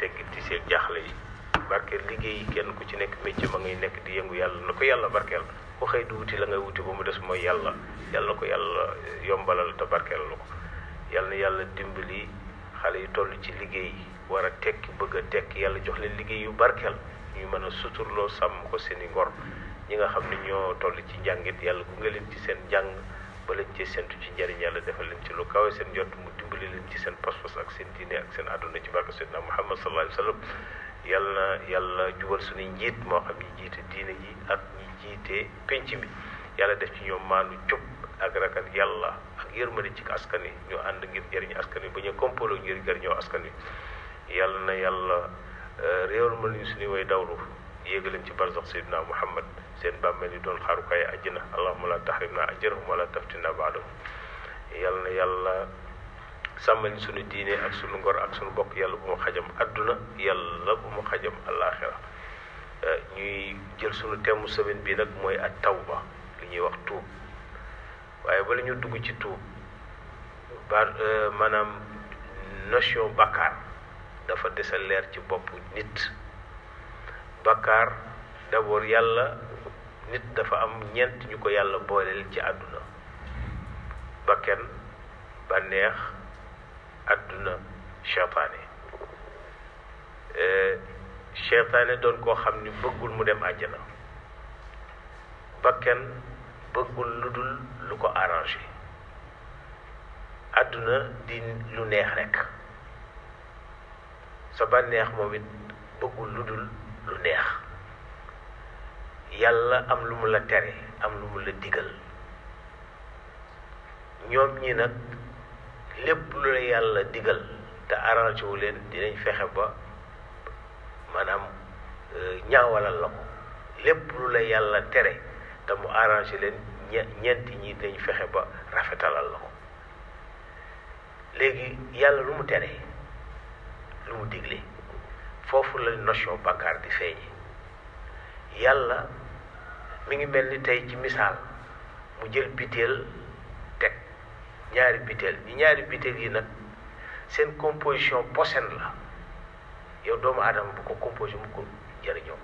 teggi ci seen jaaxle yi barkeel liggéey yi kenn ku ci nekk métier ma ngay nekk di yëngu yàlla na ko yàlla barkeel ku xëy di wuti la ngay wuti ba mu des mooy yàlla yàlla ko yàlla yombalal te barkeel la ko yàlla yàlla dimbali xale yu toll ci liggéey war a tekki bëgg a tekki yàlla jox leen liggéey yu barkeel ñu mën a suturloo sàmm ko seen i ngor ñi nga xam ne ñoo toll ci njàngit yàlla gunge leen ci seen njàng ba lañ ci sentu ci njariñ yàlla defal leen ci lu kawe seen jot mu dimbali leen ci seen pas-pas ak seen diine ak seen àdduna ci barke Seydina Muhammad sallallahu alayhi wa sallam yàlla na yàlla jubal suñuy njiit moo xam ñi jiite diine ji ak ñi jiite penc mi yàlla def ci ñoom maanu jub ak ragal yàlla ak yërmande ci askan wi ñu ànd ngir jëriñu askan wi ba ñu kompolo ngir jëriñoo askan wi yàlla na yàlla euh, réewal ma ñu suñu way dawlu yéega leen ci barzax naa muhammad seen bàmmeel yi doon xaarukaay àjjana allahuma la tahrimna ajrahum wala taftina baadahum yàlla na yàlla sàmmal suñu diine ak suñu ngor ak suñu bokk yàlla bu mu xajam àdduna yàlla bu mu xajam alaaxira ñuy jël suñu temm semaine bi nag mooy at ba li ñuy wax tuub waaye bala ñu dugg ci tuub ba maanaam notion bàkkaar dafa desa leer ci bopp nit bakkaar d'abord yàlla nit dafa am ñeent ñu ko yàlla booleel ci àdduna bakken bànneex àdduna seytaane euh, seytaane doon koo xam ni bëggul mu dem àjjana bakken bëggul lu dul lu ko arrangé àdduna di lu neex rekk sa bànneex moom it bëggul lu dul lu neex yàlla am lu mu la tere am lu mu la digal ñoom ñi nag lépp lu la yàlla digal te arrangé wu leen dinañ fexe ba maanaam euh, ñaawalal la ko lépp lu la yàlla tere te mu arrangé leen ñe ñeenti ñi dañ fexe ba rafetalal la ko léegi yàlla lu mu tere lu mu digle foofu la notion bàkkaar di feeñi yàlla mu ngi mel ni tey ci misaal mu jël biteel teg ñaari biteel ñi ñaari biteel yi nag seen composition posène la yow doomu aadama bu ko composé mu ko jëriñoo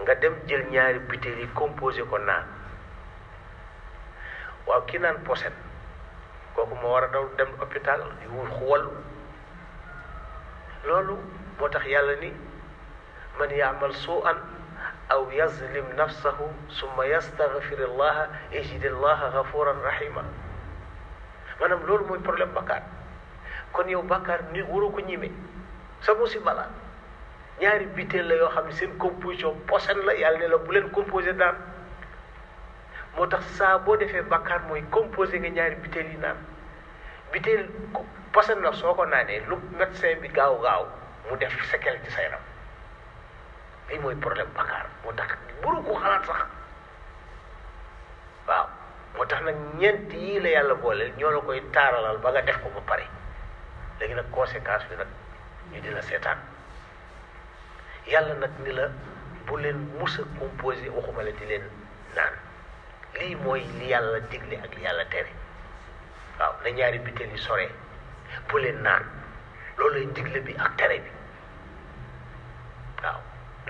nga dem jël ñaari biteel yi composé ko naan waaw ki naan posène kooku moo war a daw dem hôpital yu wal loolu moo tax yàlla ni man yaamal suu'an aw yazlim nafsahu summa yastaghfirillaha yajidillaha ghafuran rahima maanaam loolu mooy problème bakkaar kon yow bakkaar ni ko ñime sa musiba la ñaari biteel la yoo xam ne seen composition posen la yàlla ne la bu leen composé naan moo tax saa boo defee bakkaar mooy composé nga ñaari biteel yi naan biteel posen la soo ko naanee lu médecin bi gaaw gaaw mu def séquelle ci sa yaram lii mooy problème bakaar moo tax buru ko xalaat sax waaw moo tax nag ñeent yii la yàlla booleel ñoo la koy taaralal ba nga def ko ba pare léegi nag conséquence bi nag ñu di seetaan yàlla nag ni la bu leen mus a waxuma la di leen naan lii mooy li yàlla digle ak yàlla tere waaw na ñaari butéel yi soree bu leen naan loolu lay digle bi ak tere bi gaaw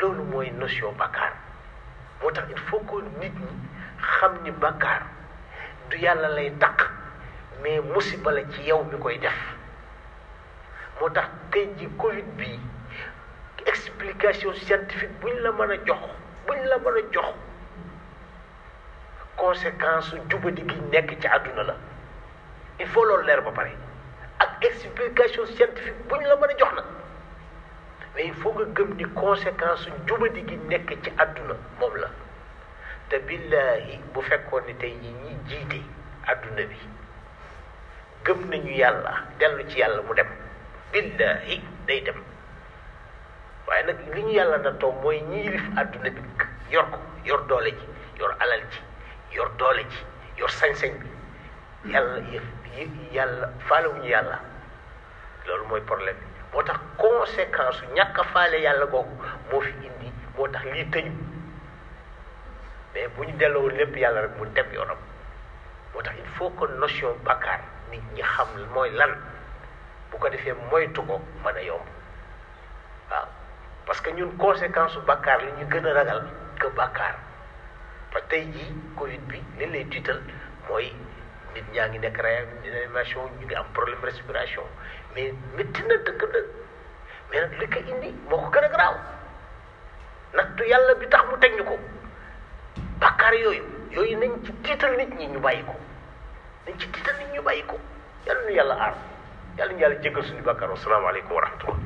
loolu mooy notion bàkkaar moo tax il faut que nit ñi xam ni bàkkaar du yàlla lay taq mais musiba la ci yow mi koy def moo tax tey ji covid bi explication scientifique buñ la mën a jox buñ la mën a jox conséquence su jubadi gi nekk ci àdduna la il faut loolu leer ba pare ak explication scientifique buñ la mën a jox nag mais il faut nga gëm ni conséquence njubadi gi nekk ci àdduna moom la te billaahi bu fekkoon ni tey ñi ñi jiite àdduna bi gëm nañu yàlla dellu ci yàlla mu dem billaahi day dem waaye nag li ñu yàlla na toog mooy ñi yilif àdduna bi yor ko yor doole ji yor alal ji yor doole ji yor sañ-sañ bi yàlla yàlla ñu yàlla loolu mooy problème bi moo tax conséquence su ñàkk a faale yàlla boobu moo fi indi moo tax lii tëju mais bu ñu delloo lépp yàlla rek mu dem yoonam moo tax il faut que notion bakkaar nit ñi xam mooy lan bu ko defee moytu ko mën a yomb waaw parce que ñun conséquence su bakkaar li ñu gën a ragal que bakkaar ba tey jii Covid bi li lay tiital mooy. nit ñaa ngi nekk réanimation ñu ngi am problème respiration mais métti na dëkk na mais li ko indi moo ko gën a garaaw nattu yàlla bi tax mu teg ñu ko bàkkaar yooyu yooyu na ci tiital nit ñi ñu bàyyi ko nañ ci tiital nit ñu bàyyi ko yàlla nu yàlla aar yàlla ñu yàlla jéggal suñu bàkkaar wasalaamaaleykum wa rahmatullah